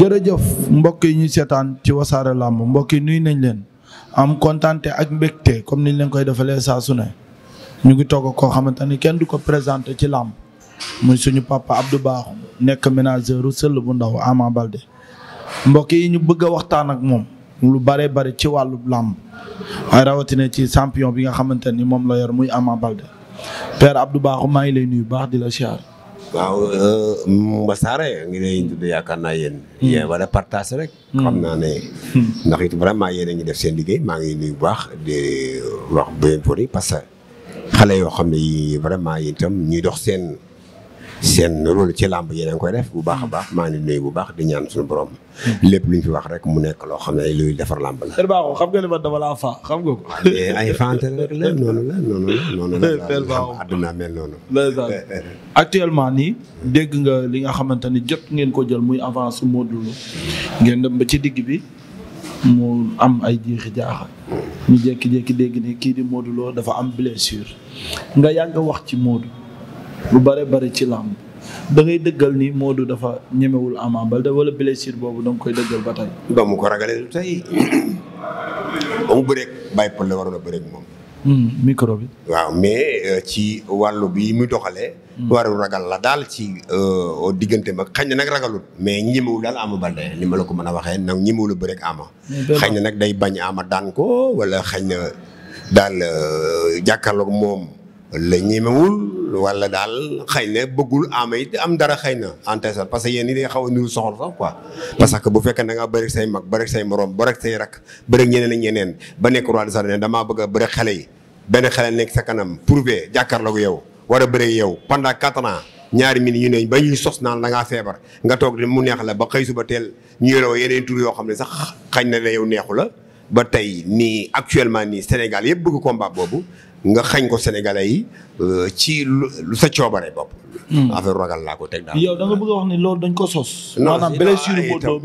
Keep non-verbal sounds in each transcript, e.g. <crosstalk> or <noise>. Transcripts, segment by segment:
jërëjëf mbokk yi ñu seetaan ci wasaare làmb mbokk yi nuyu nañ leen am kontaante ak mbégte comme niñ leen koy defalee saa su ñu ngi toog koo xamante ni kenn du ko présenté ci làmb muy suñu papa Abdou Bakhoum nekk ménageur sël bu ndaw Ama balde mbokk yi ñu bëgg a waxtaan ak moom lu bare bare ci wàllu làmb waaye rawatina ci champion bi nga xamante ni moom la yor muy Ama Baldé père Abdou Bakhoum maa ngi lay nuyu baax di la siyaar waaw Wassare euh, mm, ngi lay tudd yaakaar naa yéen. Hmm. yéen wala partage rek. Hmm. xam naa ne. Hmm. ndax it vraiment yéen a ngi def seen liggéey maa ngi nuyu bu baax di wax beneen produit parce que xale yoo xam ne yii vraiment itam ñuy dox seen. seen rôle ci làmb yeneen a ngi koy def bu baax a baax maa ngi bu baax di ñaan suñu borom lépp lu ñu fi wax rek mu nekk loo xam ne luy defar làmp la. Père Bakhoum xam nga fa xam nga ko. Ah, ay fante rek la noonu la noonu la noonu la. <laughs> <laughs> actuellement nii dégg nga li nga xamante ni jot ngeen ko jël muy avance Modou Lo ngeen dem ba ci digg bi. mu am ay jeexi jaaxa ñu jékki-jékki dégg ni kii di Modou dafa am blessure nga yàgg wax ci Modou lu bare bari ci làmb da ngay dëggal ni Modou dafa ñemewul Ama Baldé wala blessure boobu da nga koy dëggal ba tey. ba mu ko ragalee tey ba mu bëreeg la waroon a moom. Hmm, micro bi. waaw mais euh, ci wàllu bi muy doxalee. Hmm. waru ragal la daal ci euh, diggante mag xañ na nag ragalul. mais ñemewul daal Ama Baldé ni ma la ko mën a waxee nag ñemewul bëreek bëreeg Ama. xañ na nag day bañ Ama daan ko wala xañ na daal euh, jàkkaarloog moom. la ñemewul wala daal xëy na bëggul ama it am dara xëy na anteesal parce que yéen ñi day xaw a niru soxor sax quoi parce que bu fekkee da nga bëri say mag bëri say morom bëri say rak bëri ñeneen ak ñeneen ba nekk roi des arènes damaa bëgg a bëri xale benn xale nekk sa kanam prouvé jàkkaarloog yow war a yow pendant quatre ans ñaari minutes ñu ne ba ñuy sos naan la feebar nga toog de mu neex la ba xëy suba teel ñu yoroo yeneen tour yoo xam ne sax xañ na la yow neexu la ba tey nii actuellement nii Sénégal yëpp bëgg combat boobu nga xañ ko sénégalais yi euh, ci lu sa coobare bopp. Hmm. affaire ragal laa ko teg daal. yow da bëgg a wax ni loolu dañ ko sos. non maanaam blessure Modou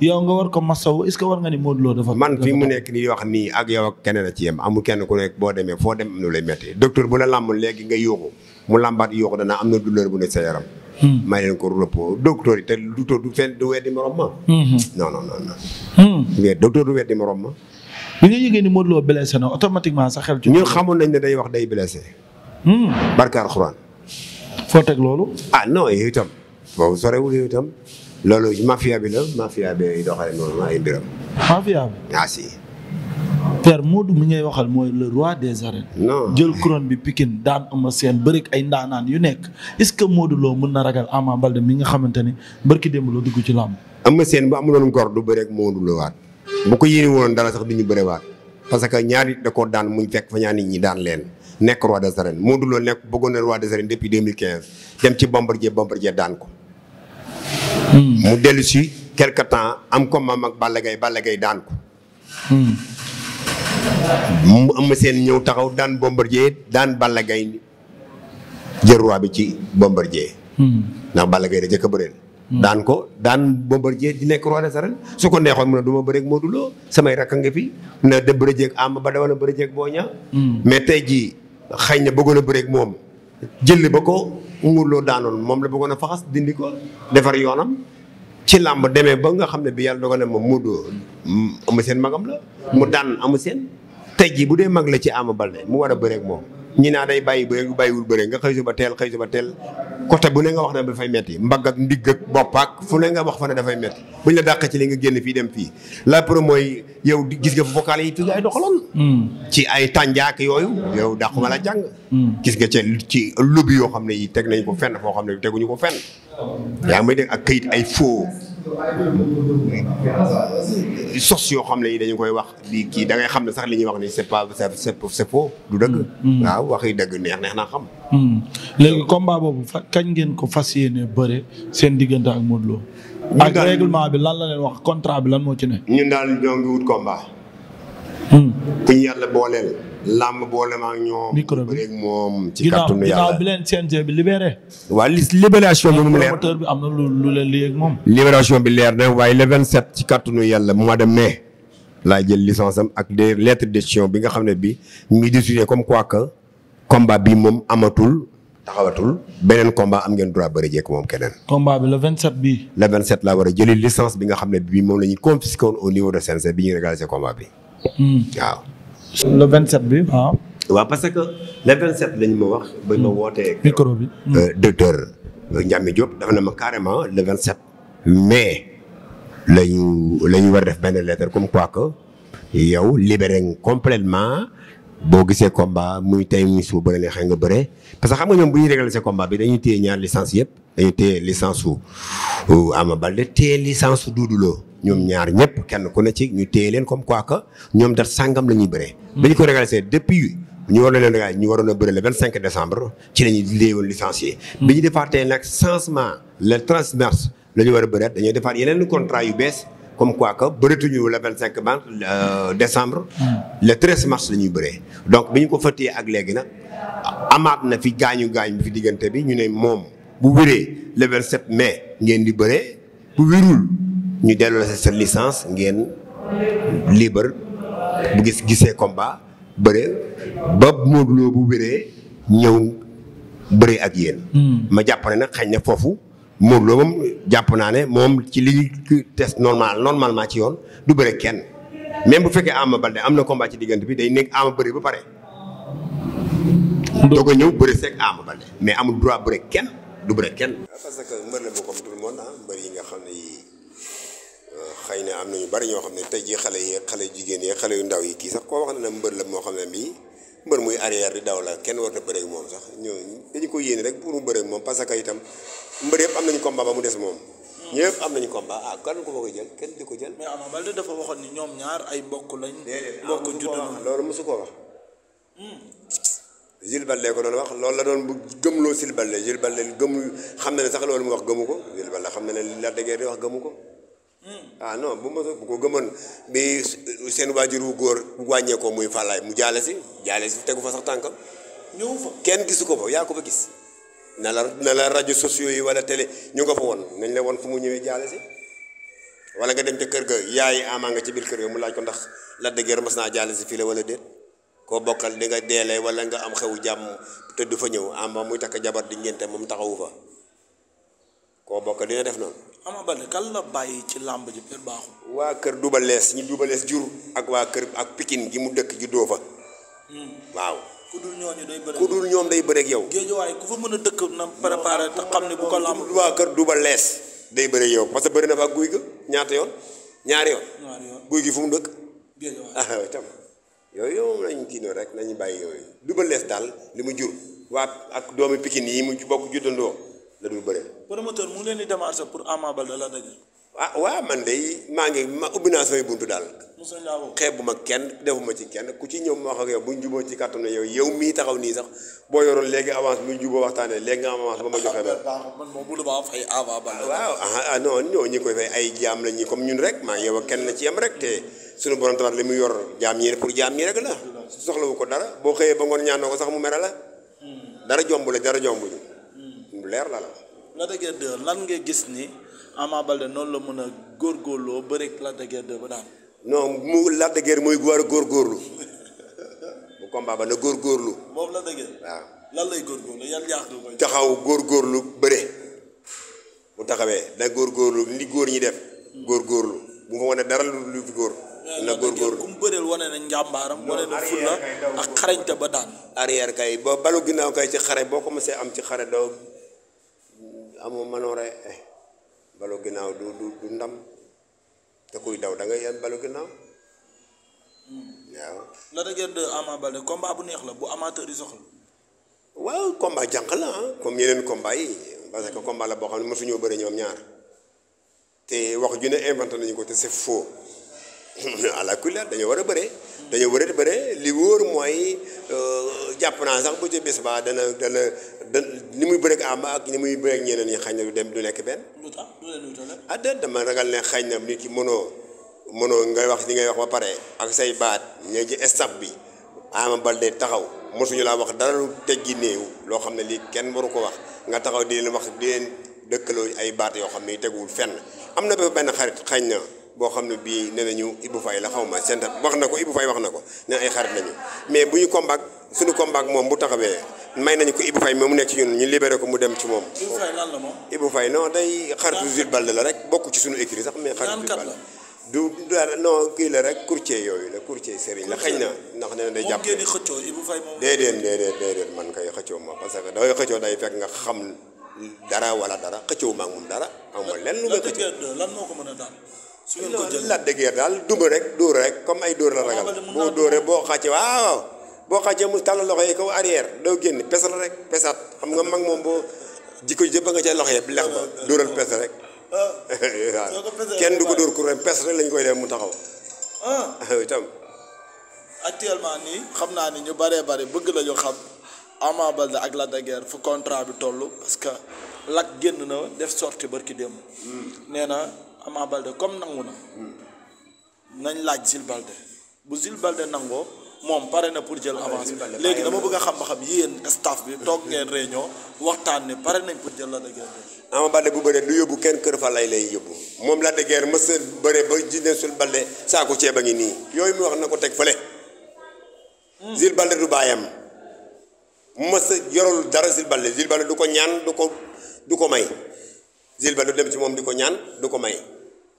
Lo nga war ko masawu est ce que war ni Modou Lo dafa. man fi mu nekk ni wax nii ak yow ak keneen a ci yem amul kenn ku nekk boo demee foo dem am na lay métti docteur bu la làmb léegi nga yóoxu mu làmbaat yóoxu dana am na douleur bu ne sa yaram. Hmm. may leen ko repos docteur yi te du du fenn du weddi morom ma. Hmm. non non non du weddi morom ma. bi nga yëgee ni Modou Lo blessé na automatiquement sa xel. ci ñun xamoon nañ ne day wax day blessé. Hmm. barkaar Alxuraan. foo teg loolu. ah non yooyu itam boobu loolu mafia bi la mafia bi doxale noonu ay mbiram. mafia bi. ah waxal mooy le roi des arènes. non jël couronne bi Pikine daan Eumeu seen bëri ay ndaanaan yu nekk est-ce que Modou Lo mën na ragal Ama Baldé mi nga xamante ni mbërki démb la dugg ci làmb. Eumeu Sène bu amuloon góor du bëreeg Modou Lo waat. bu ko yéene woon dara sax du ñu bëriwaat parce que ñaari da koo daan muñ fekk fa ñaar nit ñi daan leen nekk roi des arènes Modou Lo nekk bëggoon na roi des arènes depuis 2015 dem ci Bombardier Bombardier daan ko. Hmm. mu dellu quelque temps am ko maam ak Balla Gaye Balla hmm. seen ñëw taxaw daan Bombardier daan Balla Gaye jël roi bi ci Bombardier. Hmm. ndax Balla Gaye da jëkk a Mm. daan ko daan Bombardier di nekk roi des arènes su ko neexoon mu ne du ma bëreeg Modou Lo samay rakk nga fi na de bëre jeeg am ba dama na bëre jeeg boo ñaa mm. mais tey jii xëy na bëggoon a bëreeg moom jëlli ba ko Modou Lo daanoon moom la bëggoon a faxas dindi ko defar yoonam ci làmb demee ba nga xam ne bi yàlla dogal na moom Modou amu mm, seen magam la mu daan amu seen tey jii bu dee mag la ci Ama Baldé mu war a bëreek moom ñi naa day bàyyi bëreeg bu bàyyiwul bëreeg nga xëy suba teel xëy suba teel côté bu ne nga wax ne dafay metti mbagg ak ndigg ak bopp ak fu ne nga wax fa ne dafay metti buñ la dàq ci li nga génn fii dem fii la pro mooy yow gis nga vocal yi tudd ay doxaloon hmm. ci ay tànjaak yooyu yow dàquma la jàng hmm. gis nga ca ci lobby yoo xam ne yi teg nañ ko fenn foo xam ne teguñu ko fenn yaa ngi may dégg ak këyit ay faux sos yoo xam ne yi dañu koy wax di kii da ngay xam ne sax li ñuy wax ni c'est pas c'est faux du dëgg mm. waaw waxi dëgg neex neex naa xam mm. léegi combat boobu fa kañ ngeen ko fas yéene bëre seen diggante ak Modou Lo ak règlement bi lan la leen wax contrat bi lan moo ci ne ñun daal ñoo ngi wut combat mm. ku yàlla booleel làmb boolema ak ñoom. micro bi rek ci kàttanu yàlla bi leen CNG bi libéré. waa libération bi mu leer promoteur bi lu lu leen lii ak moom. libération bi leer na waaye le 27 ci kàttanu yàlla mois de mai. laa jël licence am ak des lettres d'édition bi nga xam ne bi mi discuté comme quoi que combat bi moom amatul moom keneen. combat bi le 27 bi le 27 a jëli licence bi nga xam ne bi moom la ñuy confisqué woon au niveau de CNG bi ñuy régaliser combat bi. Hmm. waaw. le 27 bi waaw. Ah. waaw parce que le 27 lañ ma wax. bañ ma wootee. micro bi. Euh, docteur Ndiamé Diop dafa na ma carrément le set mais la ñu la ñu war def benn lettre comme quoi que yow libéré nga complètement boo gisee combat muy tey muy suba ba la xam nga bëre parce que xam nga ñoom bu ñu réglé sa combat bi dañuy téye ñaar licence yëpp dañuy téye licence su euh, Ama Baldé téye licence su Doudou ñoom ñaar ñëpp kenn ku ne ci ñu téye leen comme quoi que ñoom dat sàngam la ñuy bëree. Hmm. bi ñu ko régalisé depuis ñu waroon leen régal ñu waroon a bëri le 25 décembre ci la ñuy léewoon licencié. Hmm. bi ñu defaatee nag changement le 13 mars la ñu war a bëreet defaat yeneen contrat yu bees comme quoi que bëreetuñu le 25 mars euh, décembre. Hmm. le 13 mars la ñuy bëree. donc bu ñu ko fëttee ak léegi nag amaat na fi gaañu gaañ bi fi diggante bi ñu ne moom bu wéree le 27 mai ngeen di bëree bu wérul. ñu delloo la sa licence ngeen libre bu gis gisee combat bëre ba Modou bu wéree ñëw bëre ak yéen. Hmm. ma jàpp ne nag xañ na foofu Modou Lo moom jàpp naa ne moom ci li test normal normalement ci yoon du bëre kenn même bu fekkee Ama Baldé am na combat ci diggante bi day nekk Ama bëre ba pare. doo ko ñëw bëre seeg Ama Baldé mais amul droit kenn du bëre kenn. xëy ne am na ñu bari ñoo xam ne tey jii xale yi xale jigéen yi xale yu ndaw yi kii sax koo wax na mbër la moo xam ne bii mbër muy arrière di daw kenn warta bëreeg moom sax ñooñu ko yéene rek pour mu bëreeg moom parce que itam mbër yëpp am nañu combat ba mu des moom. ñëpp am nañu combat ah kan ko bëgg a jël kenn di ko jël. mais Ama Baldé dafa waxoon ni ñoom ñaar ay bokk lañ. bokk judd na loolu mosu ko wax. Hmm. Jules Baldé ko doon wax loolu la doon bu gëmloo Jules Baldé Jules Baldé gëmu xam na ne sax loolu mu wax gëmu ko Jules la xam na ne li la dëgër di wax gëmu ko ah no bu ma bu ko gëmoon bi seen waajur wu góor wàññeekoo muy fàllaay mu jaale si jaale si tegu fa sax tànkam. ñëw fa kenn gisu ko fa yaa ko fa gis. na la na la rajo sociaux yi wala télé ñu nga fa woon nañ la woon fu mu ñëwee jaale si. wala nga dem ca kër ga yaay amaa nga ci biir kër ga mu laaj ko ndax la dëgër mas naa jaale si fii la wala déet. koo bokkal di nga deelee wala nga am xewu jàmm te du fa ñëw ama muy takk jabar di ngénte moom taxawu fa. koo bokk dina def noonu. Ama Baldé kan la bàyyi ci làmb ji Père waa kër Double Less ñi Double Less jur ak waa kër ak Pikine gi mu dëkk doo fa. Hmm. waaw. ku dul ñooñu day bëreeg ku dul ñoom day bëreeg yow. géejewaay ku fa mën a dëkk na préparé te xam ne bu ko làmb. waa kër Double lees day bëreeg yow parce que bëri na fa ak guy ga ñaata yoon ñaari yoon. ñaari yoon guy gi fu mu dëkk. géejewaay ah, yooyu yow lañu kii noonu rek nañu bàyyi yooyu Double Less daal li mu jur waa ak doomi Pikine yi mu bokk juddandoo la dul bëre promoteur mu ngi leen di démarché pour Ama Baldé la dëgg. ah waaw man de maa ngi ma ubbi naa samay buntu daal. ma kenn defuma ci kenn ku ci ñëw ma wax bu juboo ci kàttan yow yow mii taxaw nii sax boo yoroon léegi avance bu ñu juboo waxtaanee léegi nga am avance ba ma joxe ba. Ah, man moom bu la maa fay ñoo ah, ah, ñi koy fay ay jaam la ñi comme ñun rek maa yow ak kenn la ci yem rek te suñu borom tabax li mu yor jaam ñi pour jaam ñi rek la. soxlawu ko dara boo xëyee ba ngoon ñaanoo ko sax mu mere la. Hmm. dara jomb la dara jomb ñu. Hmm. leer la la. Lac de lan ngay gis ni Ama Baldé noonu la mën a góorgóorloo bëri Lac de Guiers 2 ba daan. non mu Lac de Guiers mooy war a góorgóorlu bu <laughs> combat ba na góorgóorlu. moom Lac de Guiers. lan lay góorgóorlu yan yàq la koy. taxaw góorgóorlu bëre bu taxawee na góorgóorlu li góor góorlu def. Hmm. góorgóorlu bu ma wane dara lu lu fi góor. Eh, na góorgóorlu kum bëreel wane na njàmbaaram. wane na fulla ak xarañte ba daan. arrière kay ba balu ginnaaw kay ci xare boo ko commencé am ci xare doo. amoo manoore eh balu ginnaaw du du du ndam te kuy daw da ngay yem balu ginnaaw waaw. la da ngeen di Ama Baldé bu neex la bu amateur yi soxla. waaw combat jànq la ah, comme yeneen combat yi parce que combat la boo xam ne mosu ñoo bëri ñoom ñaar te wax ju ne inventé nañu ko te c'est faux. <laughs> àla kulli dañoo war a bëree dañoo war a bëree li wóor mooy euh, jàpp naa sax bu ci bés ba dana dana da ni muy bëreeg Ama ak ni muy bëreeg ñeneen ñi xañ na dem du nekk benn ah déet dama ragal ne xañ na nit ki mënoo mënoo ngay wax li ngay wax ba pare ak say baat ña ci stap bi Ama Baldé taxaw mosuñu laa wax dara lu teggi néew loo xam ne lii kenn waru ko wax nga taxaw di leen wax di leen dëkkaloo ay baat yoo xam ne teguwul fenn am na benn xarit xañ na boo xam ne bii nee nañu Ibou Faye la xaw ma seen wax na ko Ibou Faye wax na ko nee ay xarit lañu mais bu ñu combat suñu combat moom bu taxawee may nañu ko Ibou Faye moom mu nekk ci ñun ñu libéré ko mu dem ci moom. Ibou Faye lan la day xaritu Jules Baldé la rek bokk ci suñu écrit sax mais. xaritu Jules du dara non kii rek courtier yooyu la courtier Serigne la xëy na ndax na day jàpp moom ngeen di xëccoo Ibou Faye moom. déedéet déedéet déedéet man kay xëccoo ma parce day fekk nga xam dara wala dara xëccoo ma ak moom dara. amul lenn lu may xëccoo lan moo ko mën a daal su ngeen ko jël Lac de Guiers daal duma rek dóor rek comme ay dóor la ragal ah, boo dóoree boo xàccee waaw boo xàccee mu tàll loxo yi kaw arrière doo génn pesal rek pesat xam nga mag moom boo jikko jëpp nga ca loxo yëpp lex ba dóoral pes rek ah, kenn du ko dóor kuréel pes rek lañ koy def mu taxaw ah. <laughs> itam actuellement nii xam naa ni ñu bëree bëri bëgg nañu xam Ama Baldé ak Lac de Guiers fu contrat bi toll parce que Lac génn na def sorti barki démb hmm. nee Ama Balde comme nangu na nañ laaj Zil bu Zil nangoo moom pare na pour jël ah, avance léegi dama bëgg a xam ba xam yéen staff bi toog hmm. ngeen réunion waxtaan ne pare nañ pour jël Lac de Guiers. Ama Balde bu bëree du yóbbu kenn kër fa lay lay yóbbu moom Lac de Guiers mës a bëree ba jine sul Balde saako ceeb a ngi nii yooyu mu wax na ko teg fële. Zil hmm. Balde du bàyyam mës a yorul dara Zil Balde du ko ñaan du ko du ko may Zil Balde du dem ci moom di ko ñaan du ko may.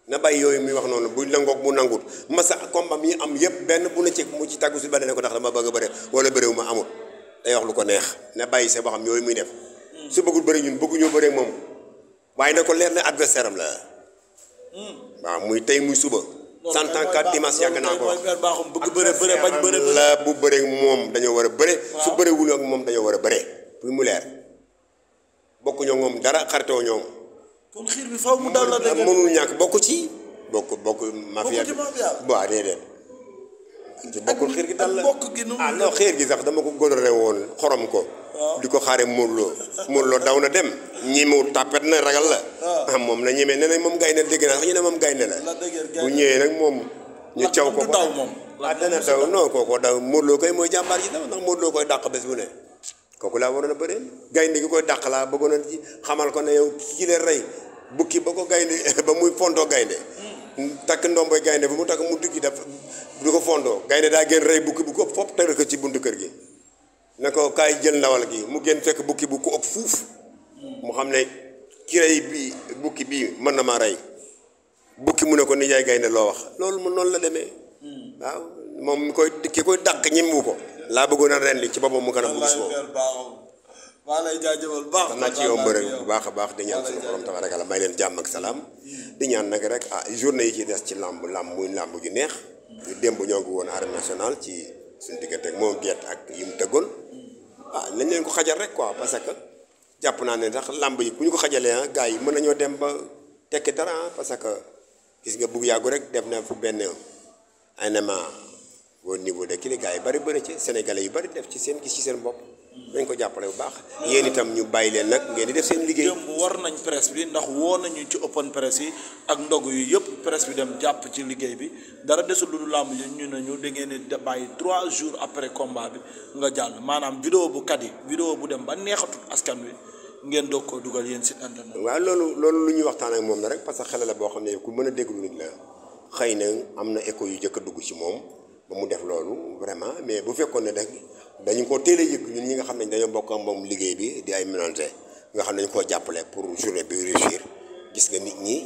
na bàyyi yooyu muy wax noonu bu nangoog mu nangut masa combat mi am yëpp benn bu na ci mu ci tàggu si ba ne ko ndax dama bëgg a bëre wala bëréewu ma amul day wax lu ko neex na bàyyi sa waxam yooyu muy def hmm. su bëggul bëri ñun bëgguñoo bëre moom waaye na ko leer na adversaire am la hmm. muy tey muy suba cent ans quatre dimanche yàgg naa ko wax la bu bëre moom dañoo war a bëre su bëre wul ak moom dañoo war a bëre bu mu leer bokkuñoo moom dara xaritoo ñoom kon xiir bi mënul ñàkk bokk ci. bokk bokk mafia bi bokk ci waaw bokkul xiir gi dal la bokk gi ah, gi sax dama ko gonoree woon xorom ko. Ah. di ko xaaree Modou Lo daw na dem ñemewul tàppet na ragal la. ah, ah moom la ñemee nee nañ moom gaynde dégg naa sax ñu ne moom gaynde la. bu ñëwee nag moom. ñu caw ko ko dana daw non kooko koy mooy jàmbaar ji daw ndax Modou Lo koy dàq bés bu ne. kooku laa waroon a bari gaynde gi koy dàq laa bëggoon a xamal ko ne yow kii la rey bukki ba ko gaynde <laughs> ba muy fontoo gaynde mm. takk ndomboy gaynde bu mu takk mu duggi daf du ko fondoo gaynde daa génn rey bukki bu ko fopp tëral ko ci buntu kër gi ne ko kaay jël ndawal gi mu génn bukki bu ko fuuf mm. mu xam ne ki rey bi bukki bii mën na maa rey bukki mu ne ko nijaay gaynde loo wax loolu mu noonu la demee mm. waaw moom mi koy ki koy dàq ñemwu ko laa bëggoon a ren li ci boppam mu gën a mu gis moom lay jaajëfal baax naa ci yomb rek bu baax a baax di ñaan suñu borom tabaraka la may leen jàmm ak salaam di ñaan nag rek ah journée yi ci des ci làmb làmb muy làmb ju neex ñu démb ñoo ngi woon arène national ci suñu diggante ak moom gett ak yi mu tëggoon ah nañ leen ko xajal rek quoi parce que jàpp naa ne sax làmb yi bu ñu ko xajalee ah gars yi mën nañoo dem ba tekki dara ah, parce que gis nga bugg yàggu rek def na fu benn ay ah, au niveau de kii gars yi bari bëri ci sénégalais yu bari def ci seen gis ci seen bopp. dañ ko jàppale bu baax. yéen itam ñu bàyyi leen nag ngeen di def seen liggéey. war nañ presse bi ndax woo nañu ci open presse yi ndog yu yëpp presse bi dem jàpp ci liggéey bi dara desul lu làmb yi ñu ne ñu de ngeen di bàyyi trois jours après combat bi nga jàll maanaam vidéo bu kat yi vidéo bu dem ba neexatul askan wi. ngeen doog ko dugal yéen site internet. waaw loolu loolu lu ñu waxtaan ak moom la rek parce que xale boo xam ne ku mën a déglu nit la xëy na am na écho yu jëkk a dugg ci moom ba mu def loolu vraiment mais bu fekkoon ne rek dañu koo teel a yëg ñun ñi nga xam ne dañoo bokk ak liggéey bi di ay milonte nga xam ne dañu koo jàppale pour journée bi réussir gis nga nit ñi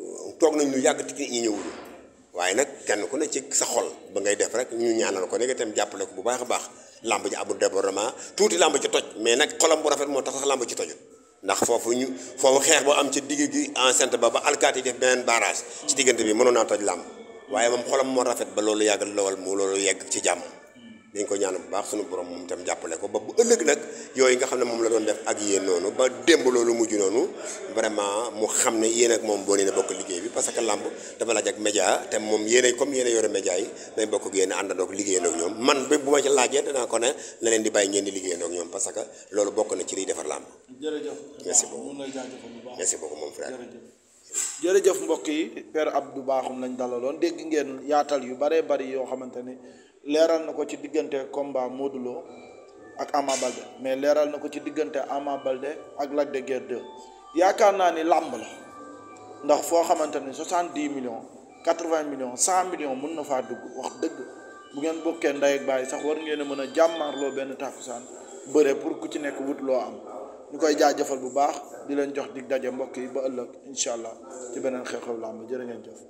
euh, toog nañ lu yàgg te ñëwul waaye nag kenn ku ne ci sa xol ba ngay def rek ñu ñaanal ko léegi itam jàppale ko bu baax a baax làmb ji amul débordement tuuti làmb ci toj mais nag xolam bu rafet moo tax sax làmb ci tojul ndax foofu ñu foofu xeex boo am ci digg gi enceinte ba ba alkaati yi def beneen barrage ci diggante bi mënoon naa toj làmb waaye moom xolam moo rafet ba loolu yàgg lowal mu loolu yegg ci jàmm dañ ko ñaan bu baax suñu borom moom tam jàppale ko ba bu ëllëg nag yooyu nga xam ne moom la doon def ak yéen noonu ba démb loolu mujj noonu vraiment mu xam ne yéen ak moom boo leen bokk liggéey bi parce que làmb dafa laaj ak média te moom yéen comme yéen a yore média yi dañ bokk ak yéen àndandoo ak liggéeyandoo ak ñoom man bi bu ma ci laajee danaa ko ne la leen di bàyyi ngeen di liggéeyandoo ak que loolu bokk na ci liy defar làmb. jërëjëf moom jërëjëf mbokk yi ab du baaxum lañ dalaloon dégg ngeen yaatal yu baree bari yoo xamante ni leeral na ko ci diggante combat Modou ak Ama Baldé mais leeral na ko ci diggante Ama Baldé ak Lac de yaakaar naa ni làmb la ndax foo xamante ni soixante-dix millions quatre-vingts millions cent millions mën na faa dugg wax dëgg bu ngeen bokkee ndey ak baay sax war ngeen a mën a jàmmaarloo benn tàkkusaan bëre pour ku ci nekk wut loo am. ñu koy jaajëfal bu baax di leen jox dig daje mbokk yi ba ëllëg incha allah ci beneen xew-xew làmb jërë ngeen jëf